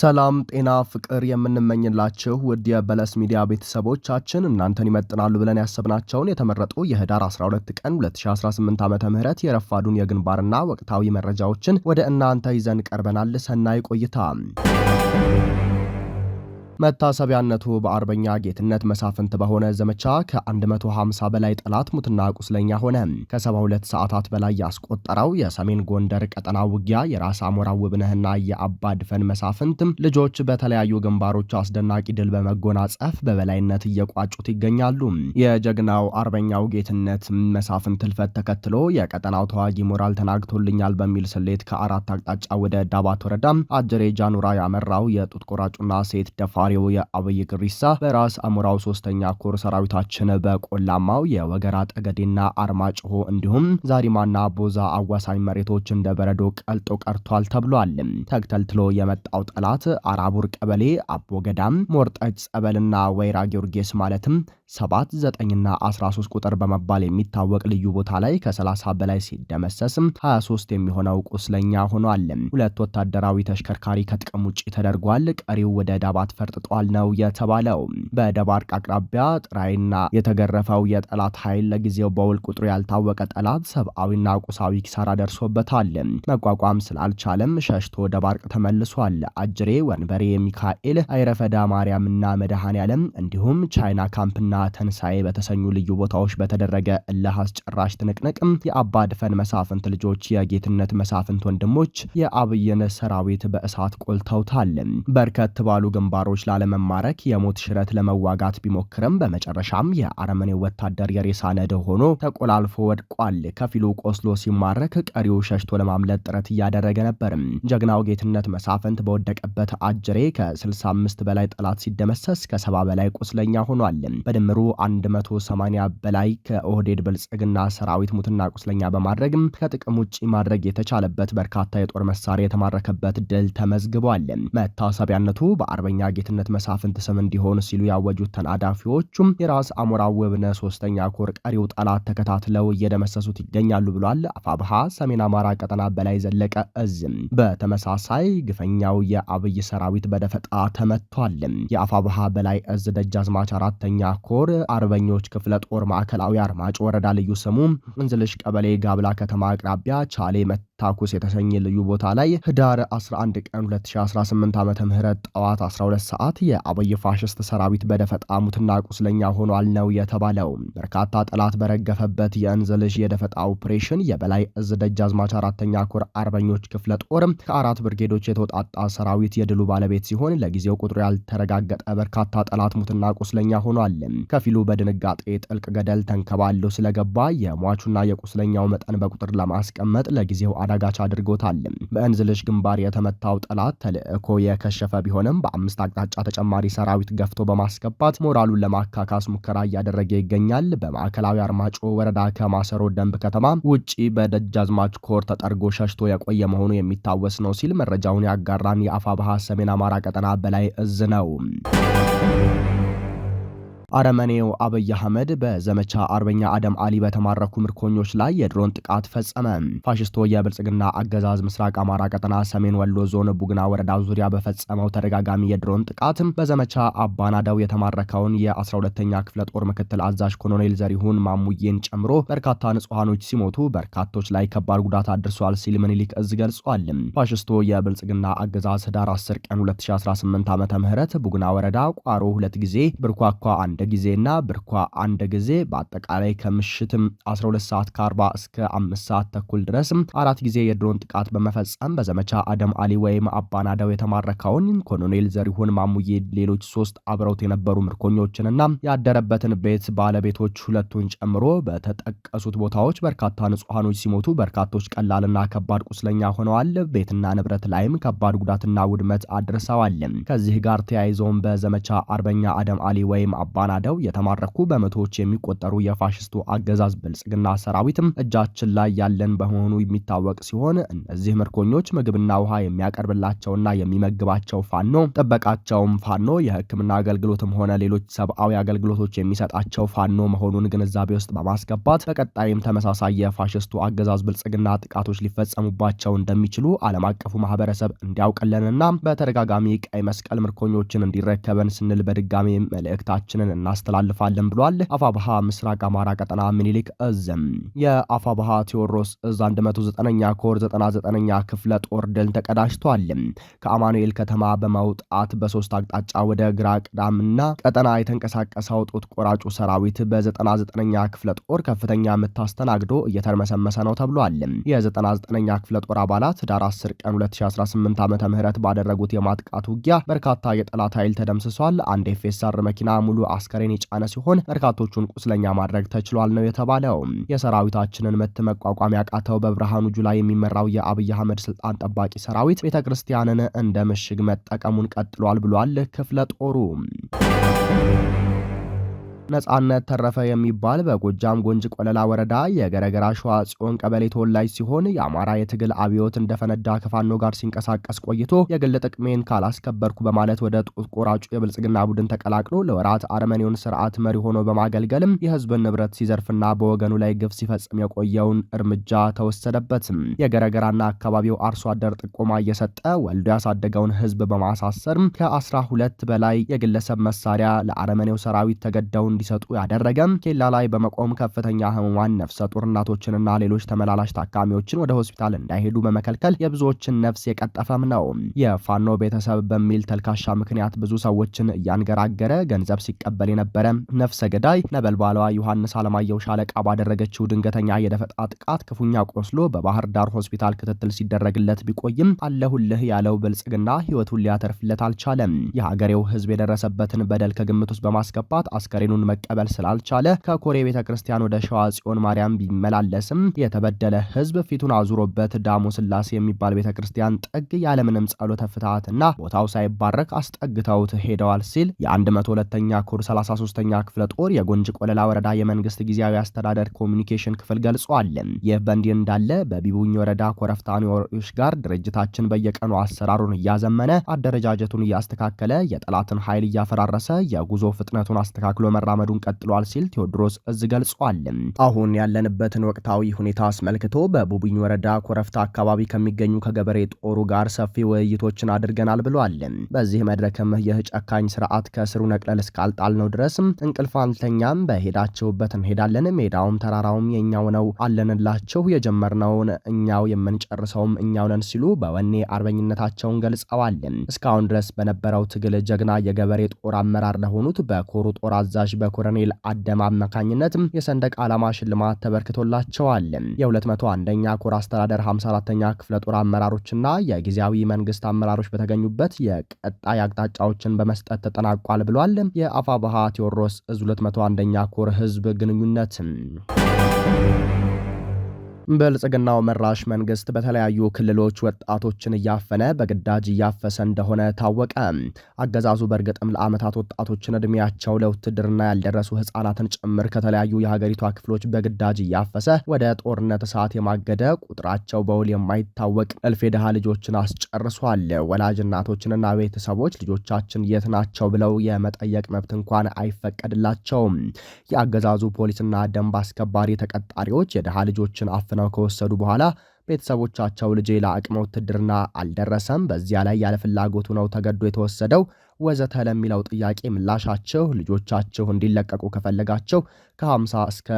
ሰላም ጤና ፍቅር የምንመኝላችሁ ውድ የበለስ ሚዲያ ቤተሰቦቻችን እናንተን ይመጥናሉ ብለን ያሰብናቸውን የተመረጡ የህዳር 12 ቀን 2018 ዓ ም የረፋዱን የግንባርና ወቅታዊ መረጃዎችን ወደ እናንተ ይዘን ቀርበናል። ሰናይ ቆይታ መታሰቢያነቱ በአርበኛ ጌትነት መሳፍንት በሆነ ዘመቻ ከ150 በላይ ጠላት ሙትና ቁስለኛ ሆነ። ከ72 ሰዓታት በላይ ያስቆጠረው የሰሜን ጎንደር ቀጠና ውጊያ የራስ አሞራ ውብነህና የአባድፈን መሳፍንት ልጆች በተለያዩ ግንባሮች አስደናቂ ድል በመጎናጸፍ በበላይነት እየቋጩት ይገኛሉ። የጀግናው አርበኛው ጌትነት መሳፍንት ትልፈት ተከትሎ የቀጠናው ተዋጊ ሞራል ተናግቶልኛል በሚል ስሌት ከአራት አቅጣጫ ወደ ዳባት ወረዳ አጀሬ ጃኑራ ያመራው የጡት ቆራጩና ሴት ደፋ የዛሬው የአብይ ግሪሳ በራስ አሞራው ሶስተኛ ኮር ሰራዊታችን በቆላማው የወገራ ጠገዴና አርማጭሆ እንዲሁም ዛሪማና ቦዛ አዋሳኝ መሬቶች እንደ በረዶ ቀልጦ ቀርቷል ተብሏል። ተግተልትሎ የመጣው ጠላት አራቡር ቀበሌ፣ አቦ ገዳም፣ ሞርጠጭ ጸበልና ወይራ ጊዮርጊስ ማለትም ሰባት ዘጠኝና 13 ቁጥር በመባል የሚታወቅ ልዩ ቦታ ላይ ከ30 በላይ ሲደመሰስም 23 የሚሆነው ቁስለኛ ሆኗል። ሁለት ወታደራዊ ተሽከርካሪ ከጥቅም ውጭ ተደርጓል። ቀሪው ወደ ደባት ፈርጥጧል ነው የተባለው። በደባርቅ አቅራቢያ ጥራይና የተገረፈው የጠላት ኃይል ለጊዜው በውል ቁጥሩ ያልታወቀ ጠላት ሰብአዊና ቁሳዊ ኪሳራ ደርሶበታል። መቋቋም ስላልቻለም ሸሽቶ ደባርቅ ተመልሷል። አጅሬ፣ ወንበሬ ሚካኤል፣ አይረፈዳ ማርያምና መድኃኔ ዓለም እንዲሁም ቻይና ካምፕና ተንሳኤ በተሰኙ ልዩ ቦታዎች በተደረገ እልህ አስጨራሽ ትንቅንቅም የአባ ድፈን መሳፍንት ልጆች የጌትነት መሳፍንት ወንድሞች የአብይን ሰራዊት በእሳት ቆልተውታል። በርከት ባሉ ግንባሮች ላለመማረክ የሞት ሽረት ለመዋጋት ቢሞክርም በመጨረሻም የአረመኔው ወታደር የሬሳ ሆኖ ተቆላልፎ ወድቋል። ከፊሉ ቆስሎ ሲማረክ፣ ቀሪው ሸሽቶ ለማምለጥ ጥረት እያደረገ ነበር። ጀግናው ጌትነት መሳፍንት በወደቀበት አጅሬ ከ65 በላይ ጠላት ሲደመሰስ ከሰባ በላይ ቁስለኛ ሆኗል። በድምሩ 180 በላይ ከኦህዴድ ብልጽግና ሰራዊት ሙትና ቁስለኛ በማድረግም ከጥቅም ውጭ ማድረግ የተቻለበት በርካታ የጦር መሳሪያ የተማረከበት ድል ተመዝግቧል። መታሰቢያነቱ በአርበኛ ጌትነት መሳፍንት ስም እንዲሆን ሲሉ ያወጁት ተናዳፊዎቹም የራስ አሞራ ውብነ ሶስተኛ ኮር ቀሪው ጠላት ተከታትለው እየደመሰሱት ይገኛሉ ብሏል። አፋብሃ ሰሜን አማራ ቀጠና በላይ ዘለቀ እዝም በተመሳሳይ ግፈኛው የአብይ ሰራዊት በደፈጣ ተመቷል። የአፋብሃ በላይ እዝ ደጃዝማች አራተኛ ኮር ጦር አርበኞች ክፍለ ጦር ማዕከላዊ አርማጭ ወረዳ ልዩ ስሙ እንዝልሽ ቀበሌ ጋብላ ከተማ አቅራቢያ ቻሌ መ ታኩስ የተሰኘ ልዩ ቦታ ላይ ህዳር 11 ቀን 2018 ዓ ም ጠዋት 12 ሰዓት የአብይ ፋሽስት ሰራዊት በደፈጣ ሙትና ቁስለኛ ሆኗል ነው የተባለው። በርካታ ጠላት በረገፈበት የእንዝልሽ የደፈጣ ኦፕሬሽን የበላይ እዝ ደጃዝማች አራተኛ ኩር አርበኞች ክፍለ ጦር ከአራት ብርጌዶች የተውጣጣ ሰራዊት የድሉ ባለቤት ሲሆን ለጊዜው ቁጥሩ ያልተረጋገጠ በርካታ ጠላት ሙትና ቁስለኛ ሆኗል። ከፊሉ በድንጋጤ ጥልቅ ገደል ተንከባሎ ስለገባ የሟቹና የቁስለኛው መጠን በቁጥር ለማስቀመጥ ለጊዜው አዳጋች አድርጎታል። በእንዝልሽ ግንባር የተመታው ጠላት ተልእኮ የከሸፈ ቢሆንም በአምስት አቅጣጫ ተጨማሪ ሰራዊት ገፍቶ በማስገባት ሞራሉን ለማካካስ ሙከራ እያደረገ ይገኛል። በማዕከላዊ አርማጮ ወረዳ ከማሰሮ ደንብ ከተማ ውጪ በደጃዝማች ኮር ተጠርጎ ሸሽቶ የቆየ መሆኑ የሚታወስ ነው ሲል መረጃውን ያጋራን የአፋ ባህ ሰሜን አማራ ቀጠና በላይ እዝ ነው። አረመኔው አብይ አህመድ በዘመቻ አርበኛ አደም አሊ በተማረኩ ምርኮኞች ላይ የድሮን ጥቃት ፈጸመ። ፋሽስቶ የብልጽግና አገዛዝ ምስራቅ አማራ ቀጠና ሰሜን ወሎ ዞን ቡግና ወረዳ ዙሪያ በፈጸመው ተደጋጋሚ የድሮን ጥቃት በዘመቻ አባናዳው የተማረከውን የ12ተኛ ክፍለ ጦር ምክትል አዛዥ ኮሎኔል ዘሪሁን ማሙዬን ጨምሮ በርካታ ንጹሐኖች ሲሞቱ በርካቶች ላይ ከባድ ጉዳት አድርሷል ሲል ምኒልክ እዝ ገልጿል። ፋሽስቶ የብልጽግና አገዛዝ ህዳር 10 ቀን 2018 ዓ ም ቡግና ወረዳ ቋሮ ሁለት ጊዜ ብርኳኳ አንድ አንድ ጊዜና ብርኳ አንድ ጊዜ በአጠቃላይ ከምሽትም 12 ሰዓት ከ40 እስከ 5 ሰዓት ተኩል ድረስ አራት ጊዜ የድሮን ጥቃት በመፈጸም በዘመቻ አደም አሊ ወይም አባናዳው የተማረከውን ኮሎኔል ዘሪሁን ማሙዬ፣ ሌሎች ሶስት አብረውት የነበሩ ምርኮኞችንና ያደረበትን ቤት ባለቤቶች ሁለቱን ጨምሮ በተጠቀሱት ቦታዎች በርካታ ንጹሐኖች ሲሞቱ በርካቶች ቀላልና ከባድ ቁስለኛ ሆነዋል። ቤትና ንብረት ላይም ከባድ ጉዳትና ውድመት አድርሰዋል። ከዚህ ጋር ተያይዘውም በዘመቻ አርበኛ አደም አሊ ወይም አባ ተዋናደው የተማረኩ በመቶዎች የሚቆጠሩ የፋሽስቱ አገዛዝ ብልጽግና ሰራዊትም እጃችን ላይ ያለን በመሆኑ የሚታወቅ ሲሆን እነዚህ ምርኮኞች ምግብና ውሃ የሚያቀርብላቸውና የሚመግባቸው ፋኖ፣ ጥበቃቸውም ፋኖ፣ የሕክምና አገልግሎትም ሆነ ሌሎች ሰብአዊ አገልግሎቶች የሚሰጣቸው ፋኖ መሆኑን ግንዛቤ ውስጥ በማስገባት በቀጣይም ተመሳሳይ የፋሽስቱ አገዛዝ ብልጽግና ጥቃቶች ሊፈጸሙባቸው እንደሚችሉ ዓለም አቀፉ ማህበረሰብ እንዲያውቅልንና በተደጋጋሚ ቀይ መስቀል ምርኮኞችን እንዲረከበን ስንል በድጋሚ መልእክታችንን እናስተላልፋለን ብሏል። አፋብሃ ምስራቅ አማራ ቀጠና ምኒልክ እዝም የአፋብሃ ቴዎድሮስ እዝ 109ኛ ኮር 99ኛ ክፍለ ጦር ድል ተቀዳጅቷል። ከአማኑኤል ከተማ በመውጣት በሶስት አቅጣጫ ወደ ግራ ቅዳምና ቀጠና የተንቀሳቀሰው ጡት ቆራጩ ሰራዊት በ99ኛ ክፍለ ጦር ከፍተኛ ምት አስተናግዶ እየተርመሰመሰ ነው ተብሏል። የ99ኛ ክፍለ ጦር አባላት ዳር 10 ቀን 2018 ዓ ም ባደረጉት የማጥቃት ውጊያ በርካታ የጠላት ኃይል ተደምስሷል። አንድ ኤፌሳር መኪና ሙሉ አስ አስከሬን የጫነ ሲሆን በርካቶቹን ቁስለኛ ማድረግ ተችሏል ነው የተባለው። የሰራዊታችንን ምት መቋቋም ያቃተው በብርሃኑ ጁላ የሚመራው የአብይ አህመድ ስልጣን ጠባቂ ሰራዊት ቤተ ክርስቲያንን እንደ ምሽግ መጠቀሙን ቀጥሏል ብሏል ክፍለ ጦሩ። ነጻነት ተረፈ የሚባል በጎጃም ጎንጅ ቆለላ ወረዳ የገረገራ ሸዋ ጽዮን ቀበሌ ተወላጅ ሲሆን የአማራ የትግል አብዮት እንደፈነዳ ከፋኖ ጋር ሲንቀሳቀስ ቆይቶ የግል ጥቅሜን ካላስከበርኩ በማለት ወደ ጡት ቆራጩ የብልጽግና ቡድን ተቀላቅሎ ለወራት አርመኒውን ስርዓት መሪ ሆኖ በማገልገልም የህዝብን ንብረት ሲዘርፍና በወገኑ ላይ ግፍ ሲፈጽም የቆየውን እርምጃ ተወሰደበትም። የገረገራና አካባቢው አርሶ አደር ጥቆማ እየሰጠ ወልዶ ያሳደገውን ህዝብ በማሳሰርም ከአስራ ሁለት በላይ የግለሰብ መሳሪያ ለአረመኔው ሰራዊት ተገደውን እንዲሰጡ ያደረገም ኬላ ላይ በመቆም ከፍተኛ ህሙማን ነፍሰ ጡር እናቶችንና ሌሎች ተመላላሽ ታካሚዎችን ወደ ሆስፒታል እንዳይሄዱ በመከልከል የብዙዎችን ነፍስ የቀጠፈም ነው። የፋኖ ቤተሰብ በሚል ተልካሻ ምክንያት ብዙ ሰዎችን እያንገራገረ ገንዘብ ሲቀበል የነበረ ነፍሰ ገዳይ ነበልባሏ ዮሐንስ አለማየሁ ሻለቃ ባደረገችው ድንገተኛ የደፈጣ ጥቃት ክፉኛ ቆስሎ በባህር ዳር ሆስፒታል ክትትል ሲደረግለት ቢቆይም አለሁልህ ያለው ብልጽግና ህይወቱን ሊያተርፍለት አልቻለም። የሀገሬው ህዝብ የደረሰበትን በደል ከግምት ውስጥ በማስገባት አስከሬኑን መቀበል ስላልቻለ ከኮሬ ቤተ ክርስቲያን ወደ ሸዋ ጽዮን ማርያም ቢመላለስም የተበደለ ህዝብ ፊቱን አዙሮበት ዳሞ ስላሴ የሚባል ቤተ ክርስቲያን ጥግ ያለምንም ጸሎተ ፍትሐትና ቦታው ሳይባረክ አስጠግተውት ሄደዋል ሲል የ102ኛ ኮር 33ኛ ክፍለ ጦር የጎንጅ ቆለላ ወረዳ የመንግስት ጊዜያዊ አስተዳደር ኮሚኒኬሽን ክፍል ገልጿል። ይህ በእንዲህ እንዳለ በቢቡኝ ወረዳ ኮረፍታን ወረዶች ጋር ድርጅታችን በየቀኑ አሰራሩን እያዘመነ አደረጃጀቱን እያስተካከለ የጠላትን ኃይል እያፈራረሰ የጉዞ ፍጥነቱን አስተካክሎ መራ መራመዱን ቀጥሏል ሲል ቴዎድሮስ እዝ ገልጿል። አሁን ያለንበትን ወቅታዊ ሁኔታ አስመልክቶ በቡብኝ ወረዳ ኮረፍታ አካባቢ ከሚገኙ ከገበሬ ጦሩ ጋር ሰፊ ውይይቶችን አድርገናል ብሏል። በዚህ መድረክም ይህ ጨካኝ ስርዓት ከስሩ ነቅለል እስካልጣልነው ድረስ እንቅልፍ አንተኛም፣ በሄዳችሁበት እንሄዳለን፣ ሜዳውም ተራራውም የእኛው ነው አለንላችሁ፣ የጀመርነውን እኛው የምንጨርሰውም እኛው ነን ሲሉ በወኔ አርበኝነታቸውን ገልጸዋል። እስካሁን ድረስ በነበረው ትግል ጀግና የገበሬ ጦር አመራር ለሆኑት በኮሩ ጦር አዛዥ በኮሎኔል አደም አማካኝነት የሰንደቅ ዓላማ ሽልማት ተበርክቶላቸዋል። የ201ኛ ኮር አስተዳደር 54ኛ ክፍለ ጦር አመራሮችና የጊዜያዊ መንግስት አመራሮች በተገኙበት የቀጣይ አቅጣጫዎችን በመስጠት ተጠናቋል ብሏል። የአፋ ባሃ ቴዎድሮስ እዝ 201ኛ ኮር ህዝብ ግንኙነት ብልጽግናው መራሽ መንግስት በተለያዩ ክልሎች ወጣቶችን እያፈነ በግዳጅ እያፈሰ እንደሆነ ታወቀ። አገዛዙ በእርግጥም ለዓመታት ወጣቶችን እድሜያቸው ለውትድርና ያልደረሱ ህጻናትን ጭምር ከተለያዩ የሀገሪቷ ክፍሎች በግዳጅ እያፈሰ ወደ ጦርነት እሳት የማገደ ቁጥራቸው በውል የማይታወቅ እልፍ የድሃ ልጆችን አስጨርሷል። ወላጅ እናቶችንና ቤተሰቦች ልጆቻችን የት ናቸው ብለው የመጠየቅ መብት እንኳን አይፈቀድላቸውም። የአገዛዙ ፖሊስና ደንብ አስከባሪ ተቀጣሪዎች የድሃ ልጆችን አፍነ ፈትነው ከወሰዱ በኋላ ቤተሰቦቻቸው ልጄ ለአቅመ ውትድርና አልደረሰም፣ በዚያ ላይ ያለ ፍላጎቱ ነው ተገዶ የተወሰደው ወዘተ ለሚለው ጥያቄ ምላሻቸው ልጆቻቸው እንዲለቀቁ ከፈለጋቸው ከ50 እስከ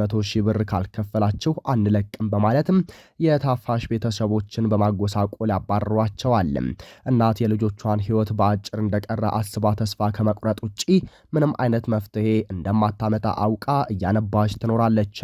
100 ሺህ ብር ካልከፈላቸው አንለቅም በማለትም የታፋሽ ቤተሰቦችን በማጎሳቆል ያባረሯቸዋል። እናት የልጆቿን ህይወት በአጭር እንደቀረ አስባ ተስፋ ከመቁረጥ ውጪ ምንም አይነት መፍትሄ እንደማታመጣ አውቃ እያነባች ትኖራለች።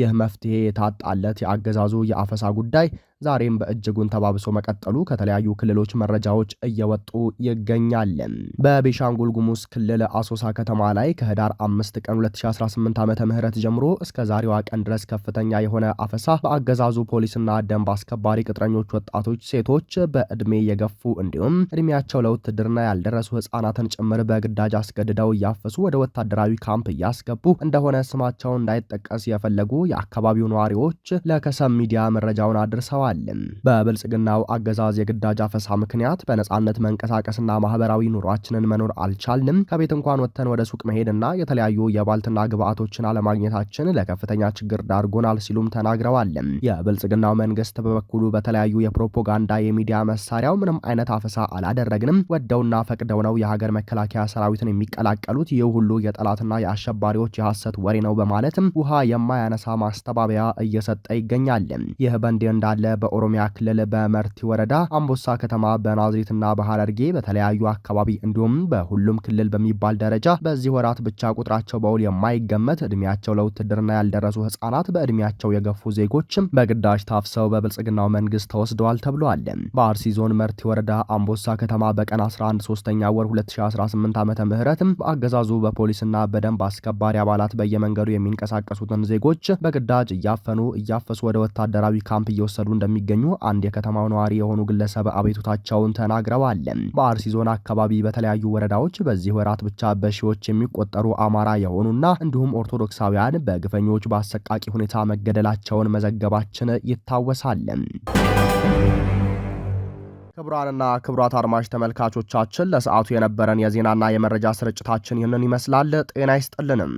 ይህ መፍትሄ የታጣለት የአገዛዙ የአፈሳ ጉዳይ ዛሬም በእጅጉን ተባብሶ መቀጠሉ ከተለያዩ ክልሎች መረጃዎች እየወጡ ይገኛል። ተገኝተዋል። በቤሻንጉል ጉሙዝ ክልል አሶሳ ከተማ ላይ ከህዳር 5 ቀን 2018 ዓ ምህረት ጀምሮ እስከ ዛሬዋ ቀን ድረስ ከፍተኛ የሆነ አፈሳ በአገዛዙ ፖሊስና ደንብ አስከባሪ ቅጥረኞች፣ ወጣቶች፣ ሴቶች፣ በእድሜ የገፉ እንዲሁም እድሜያቸው ለውትድርና ያልደረሱ ህጻናትን ጭምር በግዳጅ አስገድደው እያፈሱ ወደ ወታደራዊ ካምፕ እያስገቡ እንደሆነ ስማቸው እንዳይጠቀስ የፈለጉ የአካባቢው ነዋሪዎች ለከሰም ሚዲያ መረጃውን አድርሰዋል። በብልጽግናው አገዛዝ የግዳጅ አፈሳ ምክንያት በነጻነት መንቀሳቀስና ማህበራዊ ኑሯችንን መኖር አልቻልንም። ከቤት እንኳን ወጥተን ወደ ሱቅ መሄድና የተለያዩ የባልትና ግብአቶችን አለማግኘታችን ለከፍተኛ ችግር ዳርጎናል ሲሉም ተናግረዋል። የብልጽግናው መንግስት በበኩሉ በተለያዩ የፕሮፓጋንዳ የሚዲያ መሳሪያው ምንም አይነት አፈሳ አላደረግንም፣ ወደውና ፈቅደው ነው የሀገር መከላከያ ሰራዊትን የሚቀላቀሉት፣ ይህ ሁሉ የጠላትና የአሸባሪዎች የሐሰት ወሬ ነው በማለትም ውሃ የማያነሳ ማስተባበያ እየሰጠ ይገኛል። ይህ በእንዲህ እንዳለ በኦሮሚያ ክልል በመርቲ ወረዳ አምቦሳ ከተማ በናዝሬትና በሐረርጌ በተለያዩ አካባቢ አካባቢ እንዲሁም በሁሉም ክልል በሚባል ደረጃ በዚህ ወራት ብቻ ቁጥራቸው በውል የማይገመት እድሜያቸው ለውትድርና ያልደረሱ ህጻናት፣ በእድሜያቸው የገፉ ዜጎችም በግዳጅ ታፍሰው በብልጽግናው መንግስት ተወስደዋል ተብለዋል። በአርሲ ዞን መርቲ ወረዳ አምቦሳ ከተማ በቀን 11 ሶስተኛ ወር 2018 ዓ ምህረትም በአገዛዙ በፖሊስና በደንብ አስከባሪ አባላት በየመንገዱ የሚንቀሳቀሱትን ዜጎች በግዳጅ እያፈኑ እያፈሱ ወደ ወታደራዊ ካምፕ እየወሰዱ እንደሚገኙ አንድ የከተማው ነዋሪ የሆኑ ግለሰብ አቤቱታቸውን ተናግረዋል። በአርሲ ዞን አካባቢ አካባቢ በተለያዩ ወረዳዎች በዚህ ወራት ብቻ በሺዎች የሚቆጠሩ አማራ የሆኑና እንዲሁም ኦርቶዶክሳውያን በግፈኞች በአሰቃቂ ሁኔታ መገደላቸውን መዘገባችን ይታወሳል። ክቡራንና ክቡራት አድማጭ ተመልካቾቻችን ለሰዓቱ የነበረን የዜናና የመረጃ ስርጭታችን ይህንን ይመስላል። ጤና ይስጥልንም።